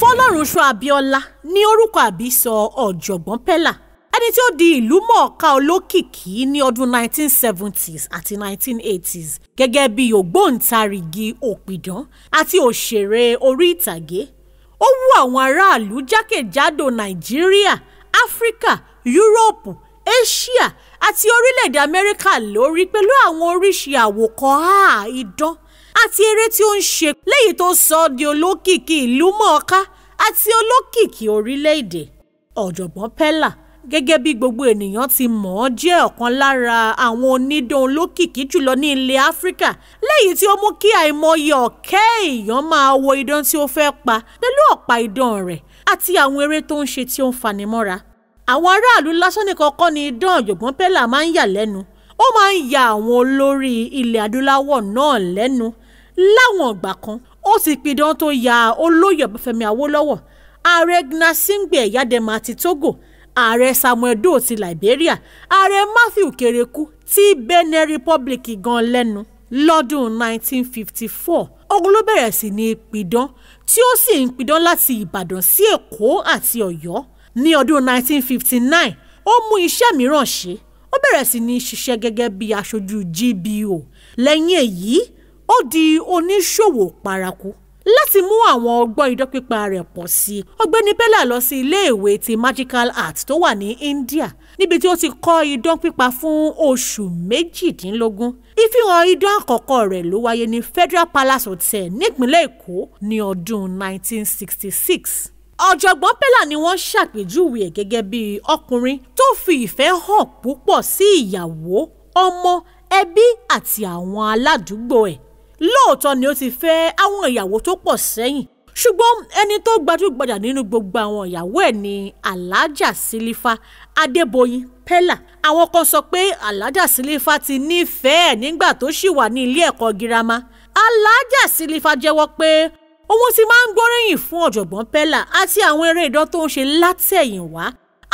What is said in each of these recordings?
fọlọ́runṣọ abíọ́lá ní orúkọ àbísọ ọ̀jọ̀gbọ́n pẹ́là ẹni tí ó di ìlú mọ̀ọ́ká olókìkí ní ọdún 1970s àti 1980s gẹ́gẹ́ bí ògbóǹtarìgì òpìdán àti òṣèré orí ìtàgé ó wú àwọn aráàlú jákèjádò nàìjíríà áfíríkà yúróòpù asia àti orílẹ̀-èdè amẹ́ríkà lórí pẹ̀lú àwọn oríṣi àwòkọ́ àà idán àti eré tí ó ń ṣe léyìí tó sọ ọ́ di olókìkí ìlú mọ̀ọ́ká àti olókìkí orílẹ̀-èdè ọ̀jọ̀gbọ́n Pella gẹ́gẹ́ bí gbogbo ènìyàn ti mọ̀ ọ́ jẹ́ ọ̀kan lára àwọn onídán olókìkí jùlọ ní ilẹ̀ Áfíríkà léyìí tí ó mú kí àìmọye ọ̀kẹ́ èèyàn máa wo idán tí ó fẹ́ pa pẹ̀lú ọ̀pá idán rẹ̀ àti àwọn eré tó ń ṣe tí ó ń fanimọ́ra àwọn aráàlú lásán nìkan kọ́ ni idán ọ̀jọ̀gbọ́n Pella máa ń yà lẹ́nu ó máa ń ya àwọn olórí ilẹ̀ adúláwọ̀ náà lẹ́nu láwọn ọgbà kan ó ti pidán tó ya olóyè ọbáfẹ́mi awólọ́wọ̀ ààrẹ gnasingbe ẹ̀yádẹ́mà ti togo ààrẹ samuel doe ti liberia ààrẹ matthew kereku ti benin republic gan lẹ́nu lọ́dún 1954 ogun ló bẹ̀rẹ̀ sí ní pidán tí ó sì ń pidán láti ìbàdàn sí èkó àti ọ̀yọ́ ní ọdún 1959 ó mú iṣẹ́ mìíràn ṣe ó bẹ̀rẹ̀ sí ní ṣiṣẹ́ gẹ́gẹ́ bí aṣojú gbo lẹ́yìn èyí ó di oníṣòwò paraku láti mú àwọn ọgbọ́n idán pípa rẹ̀ pọ̀ sí i ọ̀gbẹ́ni bella lọ sí iléèwé ti magical art tó wà ní India níbi tí ó ti kọ́ idán pípa fún oṣù méjìdínlógún ìfihàn idán àkọ́kọ́ rẹ̀ ló wáyé ní Federal Palace Hotel nípínlẹ̀ Èkó ní ọdún 1966 ọ̀jọ̀gbọ́n bella ni wọ́n ṣàpèjúwe ẹ̀ gẹ́gẹ́ bí ọkùnrin tó fi ìfẹ́ hàn púpọ̀ sí ìyàwó ọmọ ẹbí àti àwọn aládùúgbò ẹ̀ lóòótọ́ ni ó ti fẹ́ àwọn ìyàwó tó pọ̀ sẹ́yìn ṣùgbọ́n ẹni tó gbajúgbajà nínú gbogbo àwọn ìyàwó ẹ̀ ni alájà sílífà adébóyin pẹ́là àwọn kan sọ pé alájà sílífà ti nífẹ̀ẹ́ nígbà tó ṣì wà ní ilé ẹ̀kọ́ girama alájà sílífà jẹ́wọ́ pé òun ti máa ń gbóríyìn fún ọ̀jọ̀gbọ́n pẹ́là àti àwọn eré idán tó ń ṣe látẹ̀yìnwá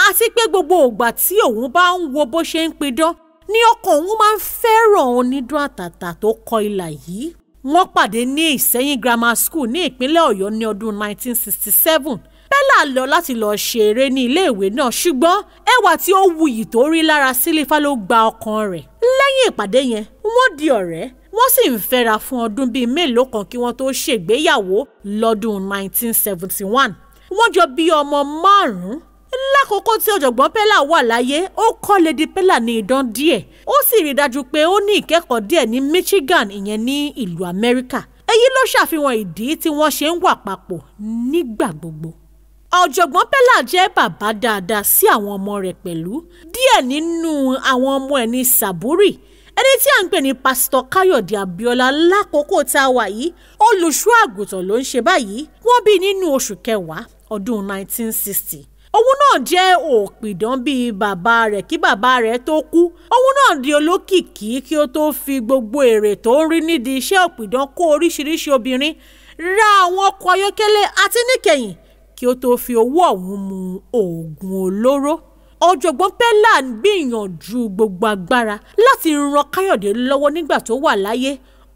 àti pé gbogbo ògbà tí òun bá ń wo bó ṣe ń pidán ní ọkọ òun máa ń fẹ́ràn onídùn àtàtà tó kọ ìlà yìí wọ́n pàdé ní ìsẹ́yìn grammar school ní ìpínlẹ̀ ọ̀yọ́ ní ọdún 1967 bella lọ láti lọ ṣeré ní iléèwé náà ṣùgbọ́n ẹwà tí ó wuyì tó rí lára sílífà ló gba ọkàn rẹ̀ lẹ́yìn ìpàdé yẹn wọ́n di ọ̀rẹ́ wọ́n sì ń fẹ́ra fún ọdún bíi mélòó kan kí wọ́n tó ṣègbéyàwó lọ́dún 1971 wọ́n jọ bí ọmọ márùn-ún lákòókò tí ọ̀jọ̀gbọ́n pẹ́là wà láyé ó kọ́ lady pẹ́là ní idán díẹ̀ ó sì rí dájú pé ó ní ìkẹ́kọ̀ọ́ díẹ̀ ní Michigan ìyẹn ní ìlú Amẹ́ríkà èyí ló ṣàfihàn ìdí tí wọ́n ṣe ń wà papọ̀ nígbà gbogbo ọ̀jọ̀gbọ́n pẹ́là jẹ́ bàbá dáadáa sí àwọn ọmọ rẹ̀ pẹ̀lú díẹ̀ nínú àwọn ọmọ ẹ̀ ní sàbúrì ẹni tí à ń pè ní pásítọ̀ káyọ̀dé abíọ́lá lákòókò tá a wà yìí olùṣọ́ ló ń ṣe báyìí wọ́n bí nínú oṣù kẹwàá ọdún 1960 òun náà jẹ́ òpìdán bíi bàbá rẹ̀ kí bàbá rẹ̀ tó kú òun náà di olókìkí kí ó tó fi gbogbo èrè tó ń rí nídìí iṣẹ́ òpìdán kó oríṣiríṣi obìnrin ra àwọn ọkọ̀ ayọ́kẹ́lẹ́ àti níkẹyìn kí ó tó fi owó ọ̀hún mu oògùn olóró ọ̀jọ̀gbọ́n pẹ́lá ń gbìyànjú gbogbo agbára láti ran káyọ̀dé lọ́wọ́ nígbà tó wà láyé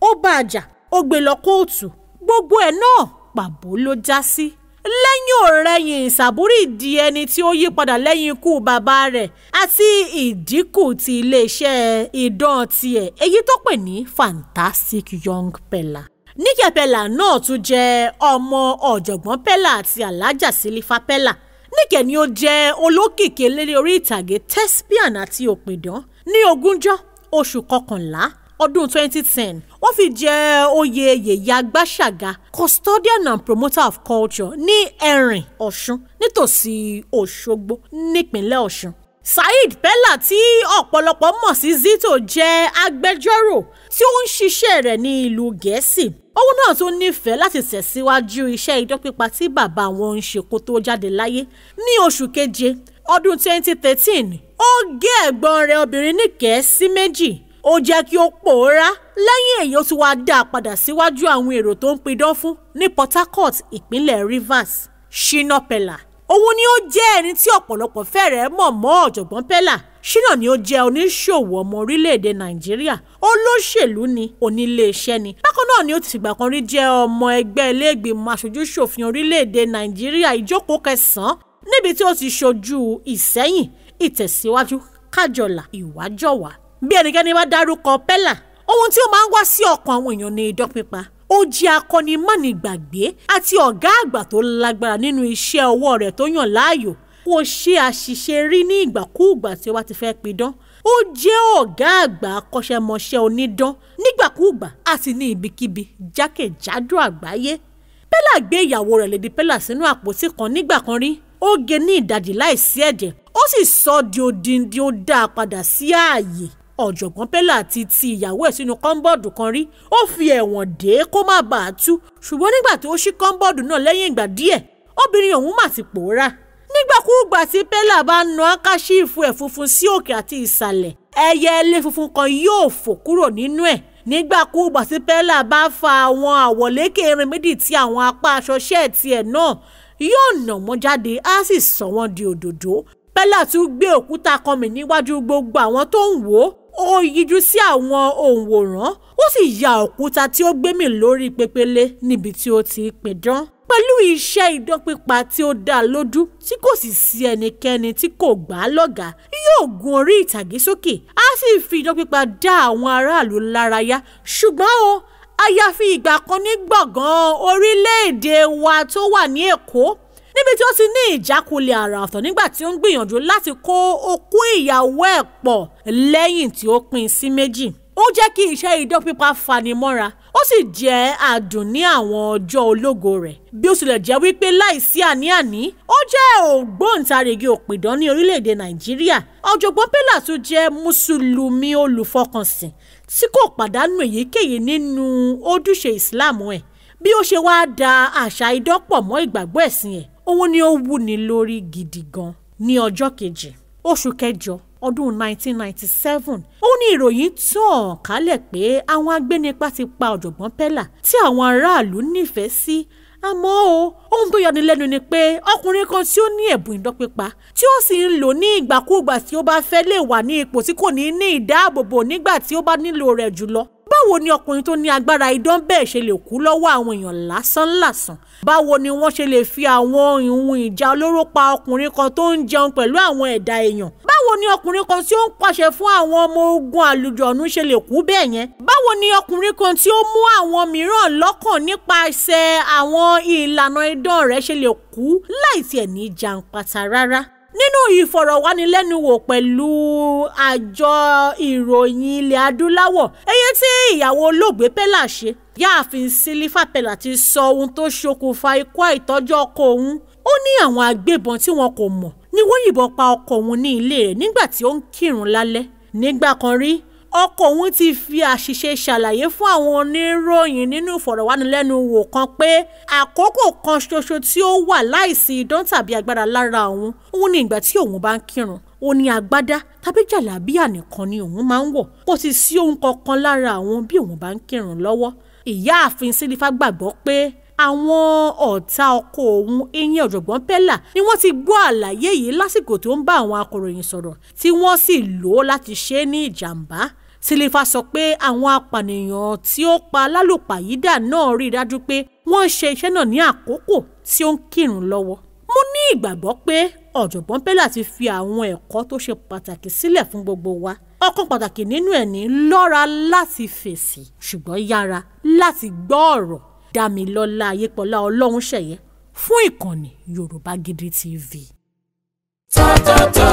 ó bá a ó gbé lọ kóòtù gbogbo ẹ̀ náà pàbó ló já sí. Si lẹ́yìn ọ̀rẹ̀yìn ìsàbúrì di ẹni tí ó yí padà lẹ́yìn ikú bàbá rẹ̀ àti ìdínkù ti iléeṣẹ́ idán tiẹ̀ èyí tó pè ní fantastic young pella. Níkẹ́ pella náà tún jẹ́ ọmọ ọ̀jọ̀gbọ́n pella àti alájà sílífà pella. Níkẹ́ ni ó jẹ́ olókìkí eléré orí ìtàgé thespian àti òpìdán ní ogúnjọ́ oṣù kọkànlá ọdún 2010 wọ́n fi jẹ oyè yèyà gbàṣàgà custodian and promoter of culture ní ẹ̀rìn ọ̀ṣun nítòsí òṣogbo nípínlẹ̀ ọ̀ṣun. saheed pella tí ọ̀pọ̀lọpọ̀ mọ̀ sí zito jẹ́ agbẹjọ́rò tí ó ń ṣiṣẹ́ rẹ̀ ní ìlú gẹ̀ẹ́sì òun náà tún nífẹ̀ẹ́ láti tẹ̀síwájú iṣẹ́ idán pípa tí bàbá wọn ń ṣe kó tó jáde láyé ní oṣù keje ọdún 2013 ó gé ẹ̀gbọ́n rẹ̀ obìnrin níkẹ̀ẹ́ sí méjì ó jẹ́ kí ó pòórá lẹ́yìn èyí ó tún wáá dá a padà síwájú àwọn èrò tó ń pidán fún ní Port Harcourt ìpínlẹ̀ Rivers Shina Peller òun ni ó jẹ́ ẹni tí ọ̀pọ̀lọpọ̀ fẹ́rẹ̀ẹ́ mọ̀ mọ́ ọ̀jọ̀gbọ́n Peller Shina ni ó jẹ́ oníṣòwò ọmọ orílẹ̀-èdè Nàìjíríà olóṣèlú ni oníléeṣẹ́ ni bákan náà ni ó ti fìgbà kan rí jẹ́ ọmọ ẹgbẹ́ iléègbìmọ̀ aṣojú-ṣòfin orílẹ̀-èdè Nàìjíríà ìjókòó kẹsàn-án níbi tí ó ti ṣojú Ìsẹ́yìn Ìtẹ̀síwájú Kájọlà Ìwájọwà bí ẹnikẹ́ni bá dárúkọ pẹ́là ohun tí ó máa ń wá sí ọkàn àwọn èèyàn ní idán pípa ó jẹ́ akọ́nimọ́nìgbàgbé àti ọ̀gá àgbà tó lágbára nínú iṣẹ́ ọwọ́ rẹ̀ tó yàn láàyò kò ṣe àṣìṣe rí ní ìgbàkúùgbà tí wàá ti fẹ́ pidán ó jẹ́ ọ̀gá àgbà akọ́ṣẹ́mọṣẹ́ onídán nígbàkúùgbà àti ní ibikíbi jákèjádò àgbáyé pẹ́là gbé ìyàwó rẹ̀ Lady Pẹ́là sínú àpótí kan nígbà kan rí ó gé ní ìdajì láìsí ẹ̀jẹ̀ ó sì sọ di odindi ó dá padà sí ààyè ọ̀jọ̀gbọ́n pẹ́lá ti ti ìyàwó ẹ̀ sínú kọ́ńbọ́ọ̀dù kan rí ó fi ẹ̀wọ̀n dé kó má bàa tú ṣùgbọ́n nígbà tó ṣí kọ́ńbọ́ọ̀dù náà lẹ́yìn ìgbà díẹ̀ obìnrin òun mà ti pòórá nígbàkúùgbà tí pẹ́lá bá na ákáṣíìfù ẹ̀ funfun sí òkè àti ìsàlẹ̀ ẹyẹ ilé funfun kan yóò fò kúrò nínú ẹ̀ nígbàkúùgbà tí pẹ́lá bá fa àwọn àwọ̀lékè irin méjì tí àwọn apá aṣọ ṣẹ́ẹ̀tì ẹ̀ náà yóò nà wọ́n jáde á sì sọ wọ́n di òdòdó pẹ́lá tún gbé òkúta kan mì níwájú gbogbo àwọn tó ń wò ó yíjú sí àwọn òǹwòrán ó sì ya òkúta tí ó gbémì lórí pépélé níbi tí ó ti pidán pẹ̀lú iṣẹ́ idán pípa tí ó dá lójú tí kò sì sí ẹnikẹ́ni tí kò gbà á lọ́gàá yóò gun orí ìtàgé sókè á sì fi idán pípa dá àwọn aráàlú lárayá ṣùgbọ́n o àyàfi ìgbà kan ní gbọ̀ngàn orílẹ̀-èdè wa tó wà ní Èkó níbi tí ó ti ní ìjákulẹ̀ àrà ọ̀tọ̀ nígbà tí ó ń gbìyànjú láti kó okó ìyàwó ẹ̀ pọ̀ lẹ́yìn tí ó pín sí méjì ó jẹ́ kí iṣẹ́ idán pípa fanimọ́ra ó sì jẹ́ àdùn ní àwọn ọjọ́ ológo rẹ̀ bí ó tilẹ̀ jẹ́ wípé láìsí àní-àní ó jẹ́ ògbóǹtarìgì òpìdán ní orílẹ̀-èdè nàìjíríà ọ̀jọ̀gbọ́n pélàtù jẹ́ mùsùlùmí olùfọkànsìn tí kò pàdánù èyíkéyìí nínú ojúṣe ìsìláàmù ẹ̀ bí ó ṣe wáá da àṣà idán pọ̀ mọ́ ìgbàgbọ́ ẹ̀sìn ẹ̀ òun ni ó wúni lórí gidi gan ní ọjọ́ kejì oṣù kẹjọ ọdún 1997 òun ni ìròyìn tàn kálẹ̀ pé àwọn agbénipa ti pa ọ̀jọ̀gbọ́n pẹ́là tí àwọn aráàlú nífẹ̀ẹ́ sí àmọ́ o ohun tó yọni lẹ́nu ni pé ọkùnrin kan tí ó ní ẹ̀bùn idán pípa tí ó sì ń lò ní ìgbàkúùgbà tí ó bá fẹ́ lè wà ní ipò tí kò ní ní ìdáàbòbò nígbà tí ó bá nílò rẹ̀ jùlọ báwo ni ọkùnrin tó ní agbára idán bẹ́ẹ̀ ṣe lè kú lọ́wọ́ àwọn èèyàn lásánlàsàn báwo ni wọ́n ṣe lè fi àwọn ìhun ìjà olóró pa ọkùnrin kan tó ń jẹun pẹ̀lú àwọn ẹ̀dá èèyàn báwo ni ọkùnrin kan tí ó ń pàṣẹ fún àwọn ọmọ ogun àlùjọ̀nù ṣe lè kú bẹ́ẹ̀ yẹn báwo ni ọkùnrin kan tí ó mú àwọn mìíràn lọ́kàn nípasẹ̀ àwọn ìlànà idán rẹ̀ ṣe lè kú láì tiẹ̀ ní jàǹpátá rárá nínú ìfọ̀rọ̀wánilẹ́nuwò pẹ̀lú àjọ ìròyìn ilẹ̀ adúláwọ̀ èyí tí ìyàwó olóògbé pẹ́lá ṣe yáàfin sílífà pẹ̀lá ti sọ ohun tó ṣokùnfà ikú àìtọ́jọ́ ọkọ òun ó ní àwọn agbébọn tí wọn kò mọ̀ ni wọ́n yìnbọn pa ọkọ òun ní ilé rẹ̀ nígbà tí ó ń kírun lálẹ́ nígbà kan rí ọkọ òun ti fi àṣìṣe ṣàlàyé fún àwọn oníròyìn nínú ìfọ̀rọ̀wánilẹ́nuwò kan pé àkókò kan ṣoṣo tí ó wà láìsí idán tàbí agbára lára òun òun ni ìgbà tí òun bá ń kírun ó ní agbádá tàbí jàlábíà nìkan ni òun máa ń wọ̀ kò sì sí ohun kankan lára òun bí òun bá ń kírun lọ́wọ́ ìyáàfin sílífà gbàgbọ́ pé àwọn ọ̀tá ọkọ òun eyín ọ̀jọ̀gbọ́n Pella ni wọ́n ti gbọ́ àlàyé yìí lásìkò tó ń bá àwọn akọ̀ròyìn sọ̀rọ̀ tí wọ́n sì lò ó láti ṣe é ní ìjàmbá sílífà sọ pé àwọn apànìyàn tí ó pa lálùpàyídà náà rí i dájú pé wọ́n ń ṣe iṣẹ́ náà ní àkókò tí ó ń kírun lọ́wọ́ mo ní ìgbàgbọ́ pé ọ̀jọ̀gbọ́n Pella ti fi àwọn ẹ̀kọ́ tó ṣe pàtàkì sílẹ̀ fún gbogbo wa ọ̀kan pàtàkì nínú ẹ̀ ní lọ́ra láti fèsì ṣùgbọ́n yára láti gbọ́ ọ̀rọ̀ Dámilọ́lá Ayépọ́lá Ọlọ́runṣẹ̀yẹ fún ìkànnì Yorùbá Gidi TV. tọ́tọ̀tọ̀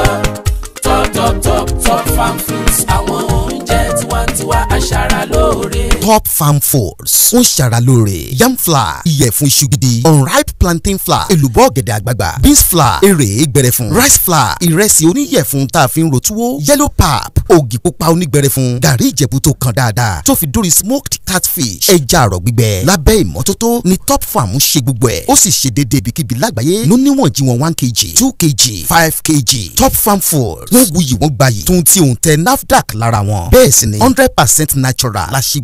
tọ́tọ̀tọ̀ top farm fruits àwọn oúnjẹ tiwantiwa aṣara lóore top farm foods ó ń ṣara lóore yam flour ìyẹ̀fun iṣu gidi unripe plantain flour èlùbọ́ ọ̀gẹ̀dẹ̀ àgbagbà beans flour èrè gbẹrẹfun rice flour ìrẹsì oníyẹ̀fun tá a fi ń ro túwó yellow pap ògì pupa onígbẹrẹfun gàrí ìjẹ̀bú tó kan dáadáa tó fi dórí smoked catfish ẹja àrọ̀ gbígbẹ lábẹ́ ìmọ́tótó ni top farm ń ṣe gbogbo ẹ̀ ó sì ṣe déédéé ibikíbi lágbàáyé ló níwọ̀n jí wọn one kg two kg five kg top farm foods. wọ́n wuyì wọ́n gbayì tó ń ti òǹtẹ̀ hundred percent natural la ṣe